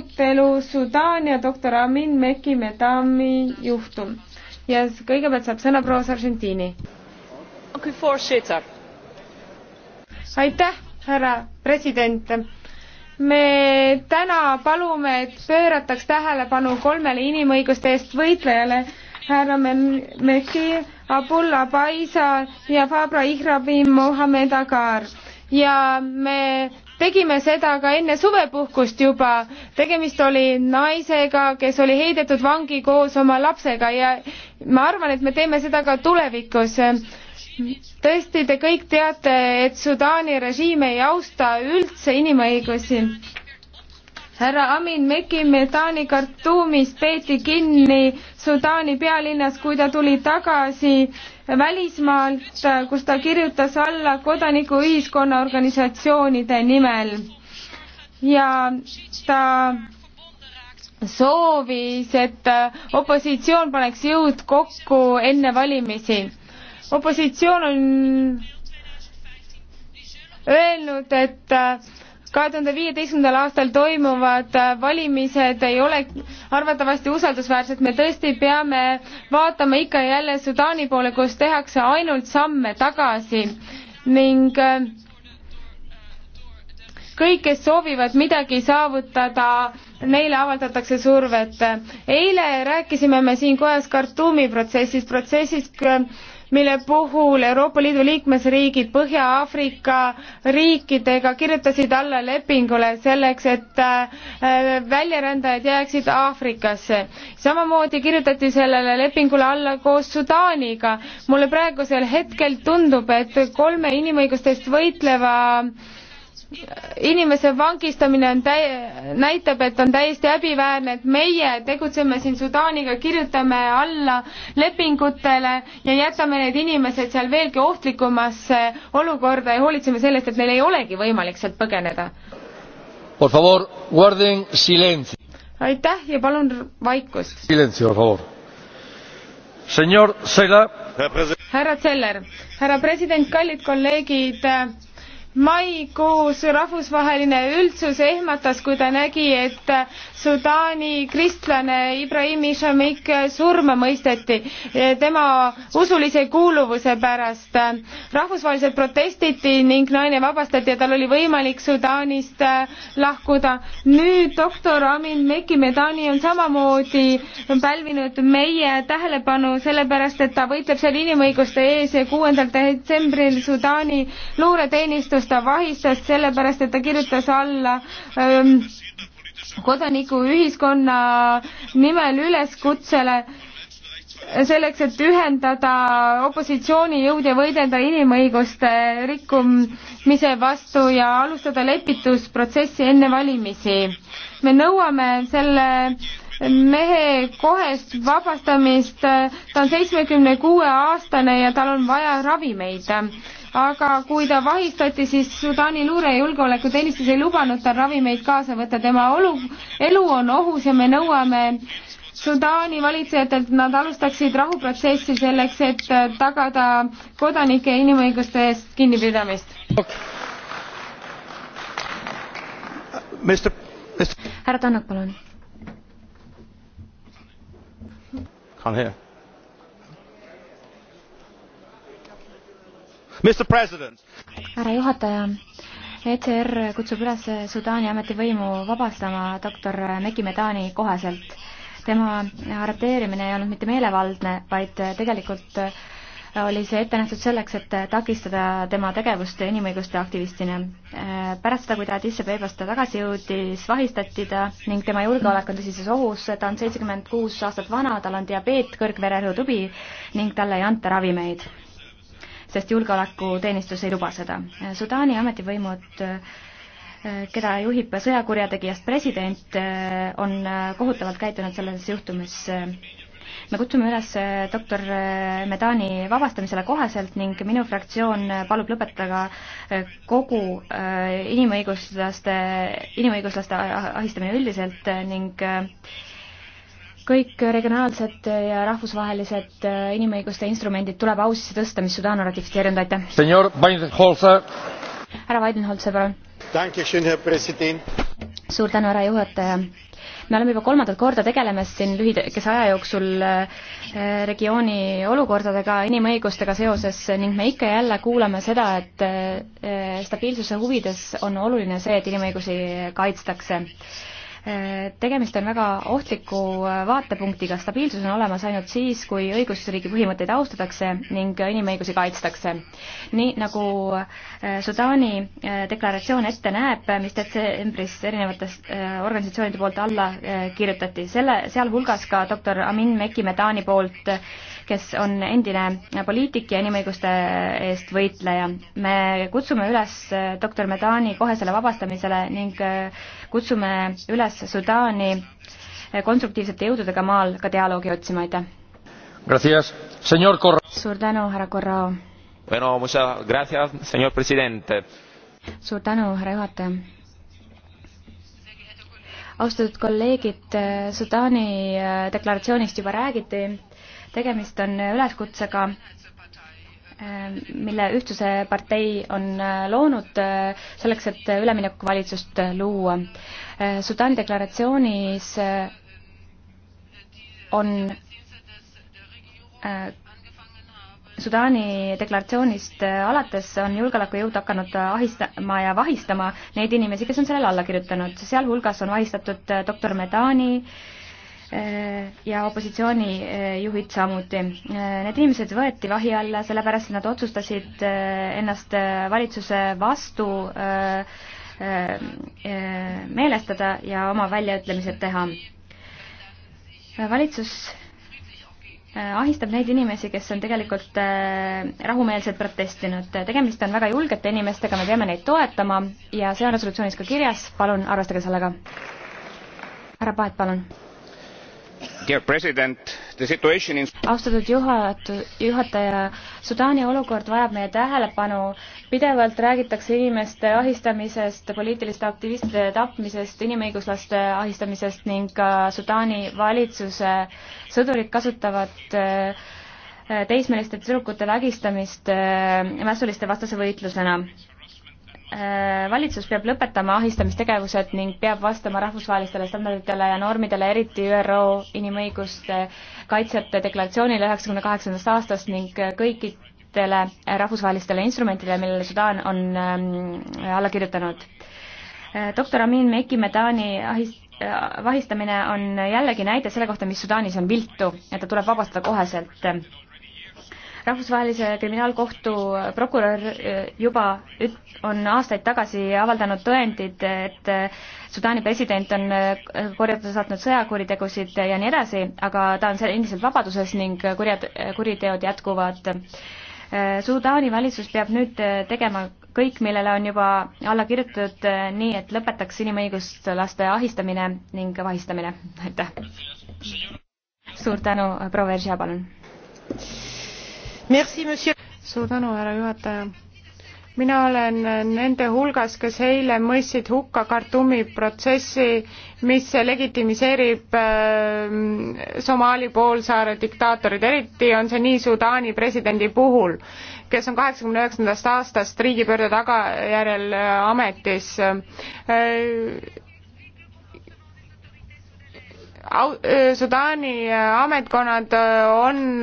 arutelu Sudaan ja doktor Amin Meki Medami juhtum. ja kõigepealt saab sõna proua Sargentini. aitäh, härra president. me täna palume, et pöörataks tähelepanu kolmele inimõiguste eest võitlejale, härra Meki, Abdullah Paisa ja Fabra Ihrabi Mohammed Agar ja me tegime seda ka enne suvepuhkust juba. tegemist oli naisega, kes oli heidetud vangi koos oma lapsega ja ma arvan, et me teeme seda ka tulevikus tõesti, te kõik teate, et Sudaani režiim ei austa üldse inimõigusi härra Amin Meki Medani Khartoumis peeti kinni Sudaani pealinnas, kui ta tuli tagasi välismaalt, kus ta kirjutas alla kodanikuühiskonna organisatsioonide nimel. ja ta soovis, et opositsioon paneks jõud kokku enne valimisi. opositsioon on öelnud, et kahe tuhande viieteistkümnendal aastal toimuvad äh, valimised ei ole arvatavasti usaldusväärsed, me tõesti peame vaatama ikka ja jälle Sudaani poole, kus tehakse ainult samme tagasi ning äh, kõik, kes soovivad midagi saavutada, neile avaldatakse survet. eile rääkisime me siin kojas Khartoumi protsessist, protsessist, protsessist äh, mille puhul Euroopa Liidu liikmesriigid Põhja-Aafrika riikidega kirjutasid alla lepingule selleks, et äh, väljarändajad jääksid Aafrikasse. samamoodi kirjutati sellele lepingule alla koos Sudaaniga. mulle praegusel hetkel tundub, et kolme inimõigustest võitleva inimese vangistamine on täi-, näitab, et on täiesti häbiväärne, et meie tegutseme siin Sudaaniga, kirjutame alla lepingutele ja jätame need inimesed seal veelgi ohtlikumasse olukorda ja hoolitseme sellest, et neil ei olegi võimalik sealt põgeneda. aitäh ja palun vaikust. härra Zeller, härra president, kallid kolleegid maikuus rahvusvaheline üldsus ehmatas, kui ta nägi, et Sudaani kristlane Ibrahim Ishamik surma mõisteti tema usulise kuuluvuse pärast. rahvusvahelised protestiti ning naine vabastati ja tal oli võimalik Sudaanist lahkuda. nüüd doktor Amin Mekimedani on samamoodi pälvinud meie tähelepanu sellepärast, et ta võitleb seal inimõiguste ees ja kuuendal detsembril Sudaani luureteenistus ta vahistati, sellepärast et ta kirjutas alla ähm, kodanikuühiskonna nimel üleskutsele selleks, et ühendada opositsioonijõud ja võidelda inimõiguste rikkumise vastu ja alustada lepitusprotsessi enne valimisi. me nõuame selle mehe kohest vabastamist, ta on seitsmekümne kuue aastane ja tal on vaja ravimeid aga kui ta vahistati, siis Sudaani luure- ja julgeolekuteenistus ei lubanud tal ravimeid kaasa võtta, tema olu, elu on ohus ja me nõuame Sudaani valitsejatelt, nad alustaksid rahuprotsessi selleks, et äh, tagada kodanike inimõiguste eest kinnipidamist. härra Tannak, palun. Come here härra juhataja, ECR kutsub üles Sudaani ametivõimu vabastama doktor Meki Medani koheselt. tema arreteerimine ei olnud mitte meelevaldne, vaid tegelikult oli see ette nähtud selleks, et takistada tema tegevust inimõiguste aktivistina. pärast seda, kui ta Addis Abebast tagasi jõudis, vahistati ta ning tema julgeolek on tõsises ohus, ta on seitsekümmend kuus aastat vana, tal on diabeet, kõrgvererõhutubi ning talle ei anta ravimeid sest julgeolekuteenistus ei luba seda. Sudaani ametivõimud keda juhib sõjakurjategijast president, on kohutavalt käitunud selles juhtumis. me kutsume üles doktor Medani vabastamisele koheselt ning minu fraktsioon palub lõpetada kogu äh, inimõiguslaste, inimõiguslaste ahistamine üldiselt ning äh, kõik regionaalsed ja rahvusvahelised äh, inimõiguste instrumendid tuleb ausisse tõsta, mis Sudaan on ratifitseerinud, aitäh. härra Weidenholzer, palun. suur tänu, härra juhataja. me oleme juba kolmandat korda tegelemas siin lühikese aja jooksul äh, regiooni olukordadega, inimõigustega seoses ning me ikka ja jälle kuuleme seda, et äh, stabiilsuse huvides on oluline see, et inimõigusi kaitstakse Äh, tegemist on väga ohtliku äh, vaatepunktiga, stabiilsus on olemas ainult siis, kui õigusriigi põhimõtteid austatakse ning inimõigusi kaitstakse. nii nagu äh, Sudaani deklaratsioon ette näeb, mis detsembris erinevates organisatsioonide poolt alla kirjutati, selle, sealhulgas ka doktor Amin Meki Medani poolt kes on endine poliitik ja inimõiguste eest võitleja. me kutsume üles äh, doktor Medani kohesele vabastamisele ning äh, kutsume üles Sudaani äh, konstruktiivsete jõududega maal ka dialoogi otsima, aitäh! suur tänu, härra Corrao! suur tänu, härra juhataja! austatud kolleegid, Sudaani deklaratsioonist juba räägiti tegemist on üleskutsega, ähm, mille Ühtsuse partei on äh, loonud äh, selleks, et üleminekuvalitsust luua. Äh, Sudaani deklaratsioonis on Sudaani deklaratsioonist alates on julgeolekujõud hakanud ahistama ja vahistama neid inimesi, kes on sellele alla kirjutanud, sealhulgas on vahistatud doktor Medani äh, Äh, ja opositsioonijuhid äh, samuti. Äh, need inimesed võeti vahi alla, sellepärast et nad otsustasid ennast valitsuse vastu meelestada ja oma väljaütlemised teha. valitsus ahistab neid inimesi, kes on tegelikult rahumeelselt protestinud. tegemist on väga julgete inimestega, me peame neid toetama ja see on resolutsioonis ka kirjas, palun arvestage sellega. härra Paet, palun austatud juhataja sudaani olukord vajab meie tähelepanu pidevalt räägitakse inimeste ahistamisest poliitiliste aktivistide tapmisest inimõiguslaste ahistamisest ning ka sudaani valitsuse sõdurid kasutavad eh, teismeliste tüdrukute vägistamist eh, mässuliste vastase võitlusena Äh, valitsus peab lõpetama ahistamistegevused ning peab vastama rahvusvahelistele standarditele ja normidele, eriti ÜRO inimõiguste kaitsjate deklaratsioonile üheksakümne kaheksandast aastast ning kõikidele rahvusvahelistele instrumentidele, millele Sudaan on ähm, alla kirjutanud. Äh, doktor Amin Meki Medani ahist-, äh, vahistamine on jällegi näide selle kohta, mis Sudaanis on viltu ja ta tuleb vabastada koheselt rahvusvahelise kriminaalkohtu prokurör eh, juba üt-, on aastaid tagasi avaldanud tõendid, et eh, Sudaani president on eh, korjata saatnud sõjakuritegusid ja nii edasi, aga ta on seal endiselt vabaduses ning kurjad, kuriteod jätkuvad. Sudaani valitsus peab nüüd tegema kõik, millele on juba alla kirjutatud, nii et lõpetaks inimõiguslaste ahistamine ning vahistamine. aitäh! suur tänu, proua Veržia, palun! suur tänu, härra juhataja. mina olen nende hulgas, kes eile mõistsid hukka Khartoumi protsessi, mis legitimiseerib äh, Somaali poolsaare diktaatorid, eriti on see nii Sudaani presidendi puhul, kes on kaheksakümne üheksandast aastast riigipöörde tagajärjel äh, ametis äh, Äh, Sudaani äh, ametkonnad äh, on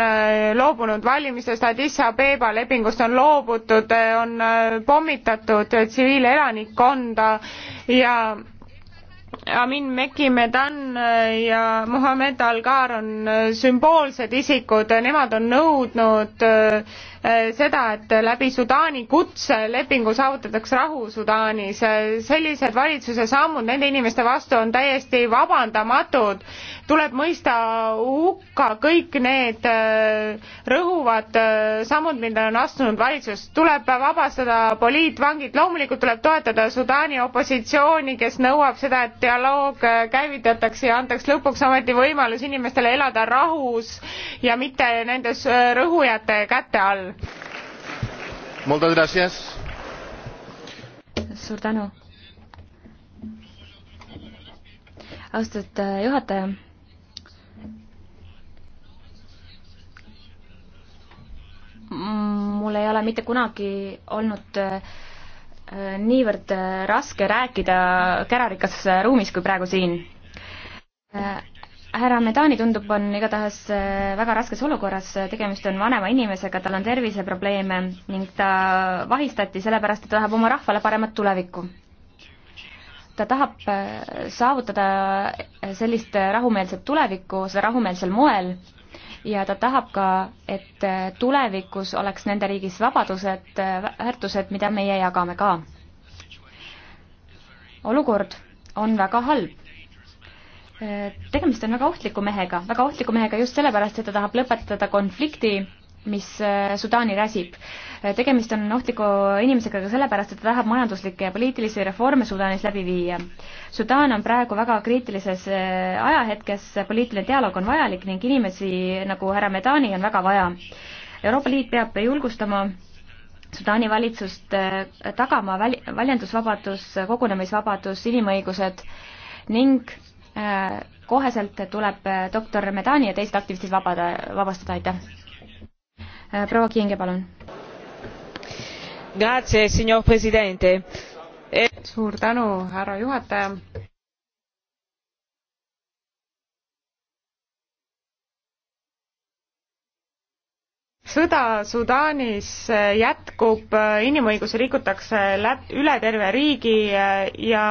loobunud valimistest, Addis Abeba lepingust on loobutud, on pommitatud tsiviilelanikkonda ja Amin Meki Medan ja Muhamed Algar on sümboolsed isikud, nemad on nõudnud Äh, seda, et läbi Sudaani kutselepingu saavutatakse rahu Sudaanis. Äh, sellised valitsuse sammud nende inimeste vastu on täiesti vabandamatud. tuleb mõista hukka kõik need äh, rõhuvad sammud, mida on astunud valitsus. tuleb vabastada poliitvangid, loomulikult tuleb toetada Sudaani opositsiooni, kes nõuab seda, et dialoog käivitatakse ja antaks lõpuks ometi võimalus inimestele elada rahus ja mitte nendes rõhujate käte all suur tänu. austatud äh, juhataja mul ei ole mitte kunagi olnud äh, äh, niivõrd raske rääkida kärarikas ruumis kui praegu siin härra Medani tundub, on igatahes äh, väga raskes olukorras, tegemist on vanema inimesega, tal on terviseprobleeme ning ta vahistati sellepärast, et ta tahab oma rahvale paremat tulevikku. ta tahab äh, saavutada äh, sellist rahumeelset tulevikku, seda rahumeelsel moel, ja ta tahab ka, et tulevikus oleks nende riigis vabadused, väärtused, mida meie jagame ka. olukord on väga halb tegemist on väga ohtliku mehega, väga ohtliku mehega just sellepärast, et ta tahab lõpetada konflikti, mis äh, Sudaani räsib. Äh, tegemist on ohtliku inimesega ka sellepärast, et ta tahab majanduslikke ja poliitilisi reforme Sudaanis läbi viia. Sudaan on praegu väga kriitilises äh, ajahetkes, poliitiline dialoog on vajalik ning inimesi nagu härra Medani on väga vaja. Euroopa Liit peab julgustama Sudaani valitsust tagama väl-, väljendusvabadus, kogunemisvabadus, inimõigused ning Äh, koheselt tuleb äh, doktor Medani ja teised aktivistid vabada, vabastada, aitäh. Äh, proua Kinge, palun. E- suur tänu, härra juhataja. sõda Sudaanis jätkub, inimõigusi rikutakse läb-, üle terve riigi ja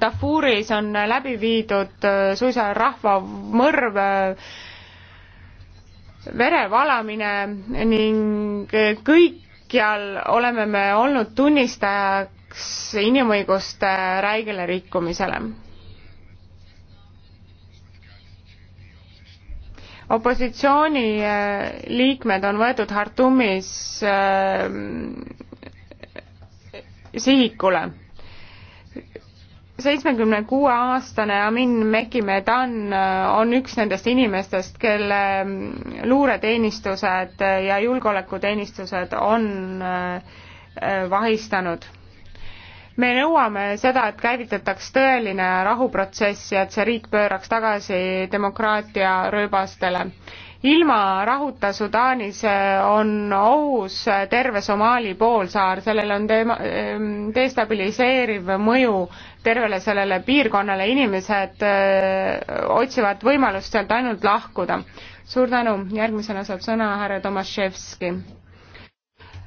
Darfuris on läbi viidud äh, suisa rahvamõrv, äh, verevalamine ning äh, kõikjal oleme me olnud tunnistajaks inimõiguste räigele rikkumisele. opositsiooni liikmed on võetud Hartumis sihikule seitsmekümne kuue aastane Amin Mekimedan äh, on üks nendest inimestest, kelle mm, luureteenistused ja julgeolekuteenistused on äh, äh, vahistanud. me nõuame seda, et käivitataks tõeline rahuprotsess ja et see riik pööraks tagasi demokraatia rööbastele ilma rahuta Sudaanis äh, on ohus äh, terve Somaali poolsaar, sellel on teema, ähm, destabiliseeriv mõju tervele sellele piirkonnale, inimesed äh, otsivad võimalust sealt ainult lahkuda. suur tänu, järgmisena saab sõna härra Tomaševski.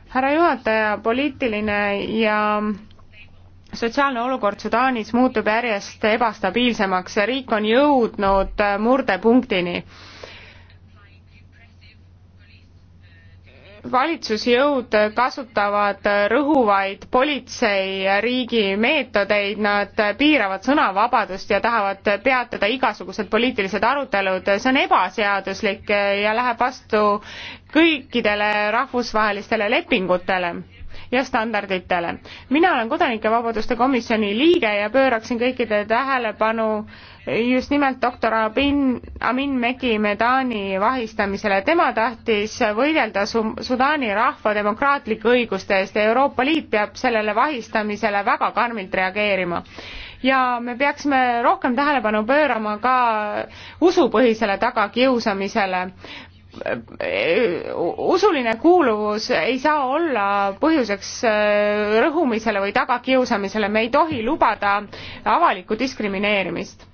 härra juhataja, poliitiline ja sotsiaalne olukord Sudaanis muutub järjest ebastabiilsemaks ja riik on jõudnud murdepunktini valitsusjõud kasutavad rõhuvaid politseiriigi meetodeid, nad piiravad sõnavabadust ja tahavad peatada igasugused poliitilised arutelud, see on ebaseaduslik ja läheb vastu kõikidele rahvusvahelistele lepingutele ja standarditele. mina olen Kodanikevabaduste Komisjoni liige ja pööraksin kõikide tähelepanu just nimelt doktor Abin, Amin Meki Medani vahistamisele. tema tahtis võidelda Su-, Sudaani rahva demokraatlike õiguste eest ja Euroopa Liit peab sellele vahistamisele väga karmilt reageerima ja me peaksime rohkem tähelepanu pöörama ka usupõhisele tagakiusamisele usuline kuuluvus ei saa olla põhjuseks äh, rõhumisele või tagakiusamisele, me ei tohi lubada avalikku diskrimineerimist.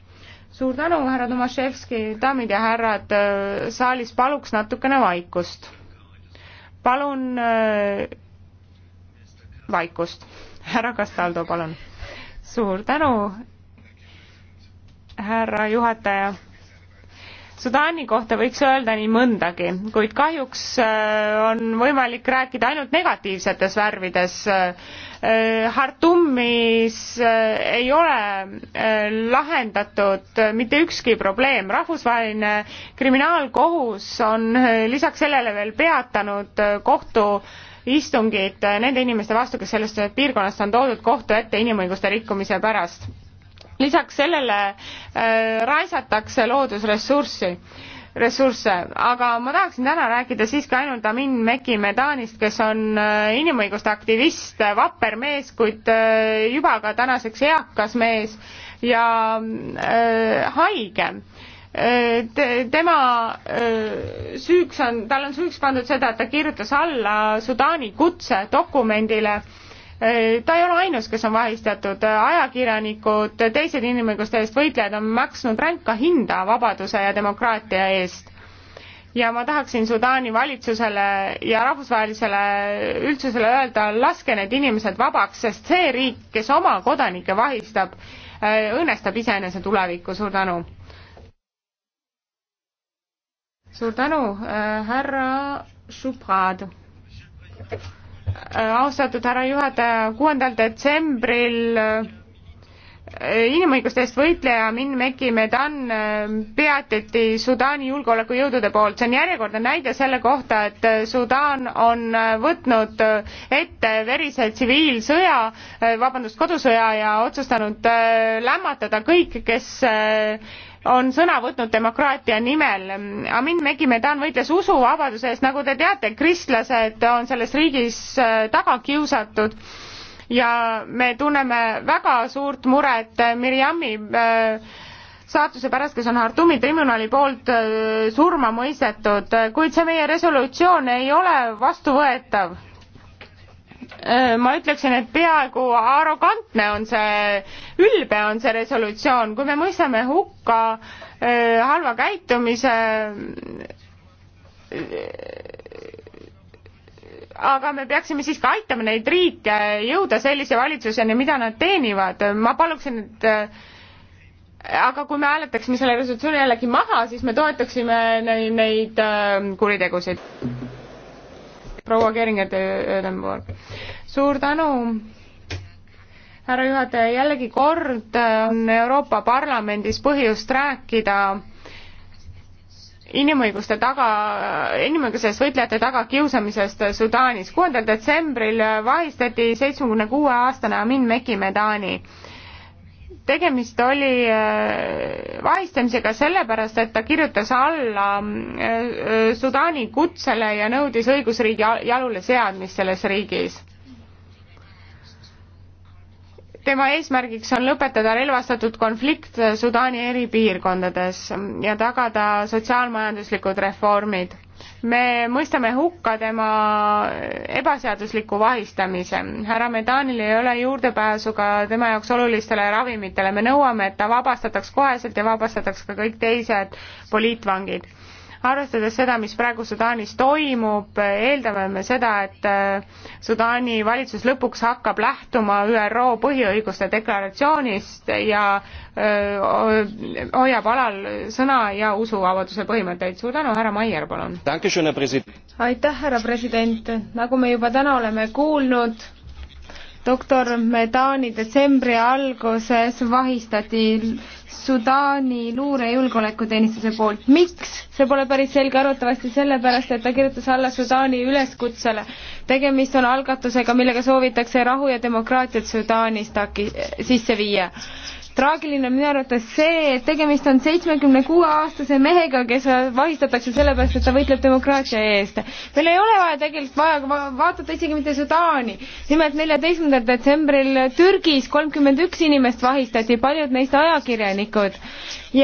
suur tänu, härra Tomaševski, daamid ja härrad, äh, saalis paluks natukene vaikust. palun äh, vaikust. härra Kastaldo, palun. suur tänu, härra juhataja Sudaani kohta võiks öelda nii mõndagi, kuid kahjuks äh, on võimalik rääkida ainult negatiivsetes värvides. Äh, Hartumis äh, ei ole lahendatud mitte ükski probleem, rahvusvaheline kriminaalkohus on lisaks sellele veel peatanud kohtu istungid nende inimeste vastu, kes sellest piirkonnast on toodud kohtu ette inimõiguste rikkumise pärast lisaks sellele äh, raisatakse loodusressurssi ressursse, aga ma tahaksin täna rääkida siiski ainult Amin Meki Medanist, kes on äh, inimõiguste aktivist, äh, vapper mees, kuid äh, juba ka tänaseks eakas mees ja äh, haige te, tema süüks on, tal on süüks pandud seda, et ta kirjutas alla Sudaani kutse dokumendile Äh, ta ei ole ainus, kes on vahistatud, ajakirjanikud, teised inimõiguste eest võitlejad on maksnud ränka hinda vabaduse ja demokraatia eest ja ma tahaksin Sudaani valitsusele ja rahvusvahelisele üldsusele öelda, laske need inimesed vabaks, sest see riik, kes oma kodanikke vahistab, äh, õõnestab iseenese tulevikku, suur tänu. suur tänu äh,, härra Šubrad. Äh, austatud härra juhataja, kuuendal detsembril äh, inimõiguste eest võitleja Min Meki Medan äh, peatati Sudaani julgeolekujõudude poolt. see on järjekordne näide selle kohta, et Sudaan on võtnud ette verise tsiviilsõja, vabandust, kodusõja ja otsustanud lämmatada kõik, kes on sõna võtnud demokraatia nimel. Amin Megimedan võitles usuvabaduse eest, nagu te teate, kristlased on selles riigis äh, taga kiusatud ja me tunneme väga suurt muret äh, Mirjami äh, saatuse pärast, kes on Hartumi tribunali poolt surma mõistetud, kuid see meie resolutsioon ei ole vastuvõetav Äh, ma ütleksin, et peaaegu arrogantne on see, ülbe on see resolutsioon, kui me mõistame hukka äh, halva käitumise äh, aga me peaksime siiski aitama neid riike jõuda sellise valitsuseni, mida nad teenivad. ma paluksin, et aga kui me hääletaksime selle resolutsiooni jällegi maha, siis me toetaksime neid, neid kuritegusid. proua Keringer, teie ülempool suur tänu, härra juhataja, jällegi kord on Euroopa Parlamendis põhjust rääkida inimõiguste taga, inimõigusest võitlejate tagakiusamisest Sudaanis. kuuendal detsembril vahistati seitsmekümne kuue aastane Amin Meki Medani. tegemist oli äh, vahistamisega sellepärast, et ta kirjutas alla äh, Sudaani kutsele ja nõudis õigusriigi jaluleseadmist selles riigis tema eesmärgiks on lõpetada relvastatud konflikt Sudaani eri piirkondades ja tagada sotsiaalmajanduslikud reformid. me mõistame hukka tema ebaseadusliku vahistamise. härra Medanil ei ole juurdepääsu ka tema jaoks olulistele ravimitele. me nõuame, et ta vabastataks koheselt ja vabastataks ka kõik teised poliitvangid arvestades seda, mis praegu Sudaanis toimub, eeldame me seda, et äh, Sudaani valitsus lõpuks hakkab lähtuma ÜRO põhiõiguste deklaratsioonist ja öö, äh, hoiab alal sõna ja usuvabaduse põhimõtteid. suur tänu, härra Maier, palun! aitäh, härra president! nagu me juba täna oleme kuulnud, doktor Medani detsembri alguses vahistati Sudaani luure- ja julgeolekuteenistuse poolt. miks? see pole päris selge, arvatavasti sellepärast, et ta kirjutas alla Sudaani üleskutsele. tegemist on algatusega, millega soovitakse rahu ja demokraatiat Sudaanis taki-, sisse viia traagiline on minu arvates see, et tegemist on seitsmekümne kuue aastase mehega, kes vahistatakse sellepärast, et ta võitleb demokraatia eest. meil ei ole vaja tegelikult vaja va vaadata isegi mitte Sudaani. nimelt neljateistkümnendal detsembril Türgis kolmkümmend üks inimest vahistati, paljud neist ajakirjanikud.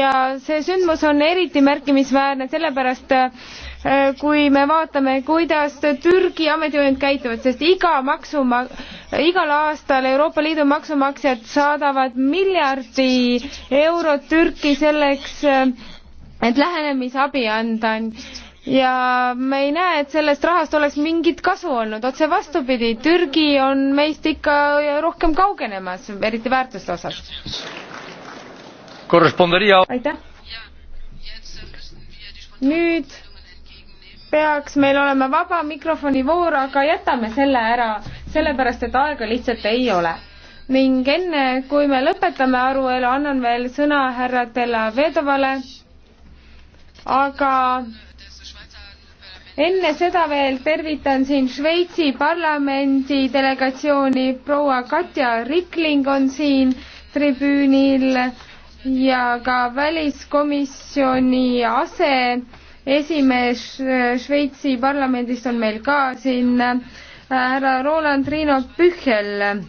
ja see sündmus on eriti märkimisväärne, sellepärast Äh, kui me vaatame, kuidas Türgi ametivõimed käituvad, sest iga maksuma-, igal aastal Euroopa Liidu maksumaksjad saadavad miljardi eurot Türki selleks, äh, et lähenemisabi anda ja me ei näe, et sellest rahast oleks mingit kasu olnud, otse vastupidi, Türgi on meist ikka rohkem kaugenemas, eriti väärtuste osas. aitäh. nüüd peaks meil olema vaba mikrofoni voor, aga jätame selle ära, sellepärast et aega lihtsalt ei ole. ning enne, kui me lõpetame aruelu, annan veel sõna härra Della Vedovale, aga enne seda veel tervitan siin Šveitsi parlamendi delegatsiooni, proua Katja Rikling on siin tribüünil ja ka väliskomisjoni ase esimees äh, Šveitsi parlamendist on meil ka siin äh, härra Roland Riino Püchel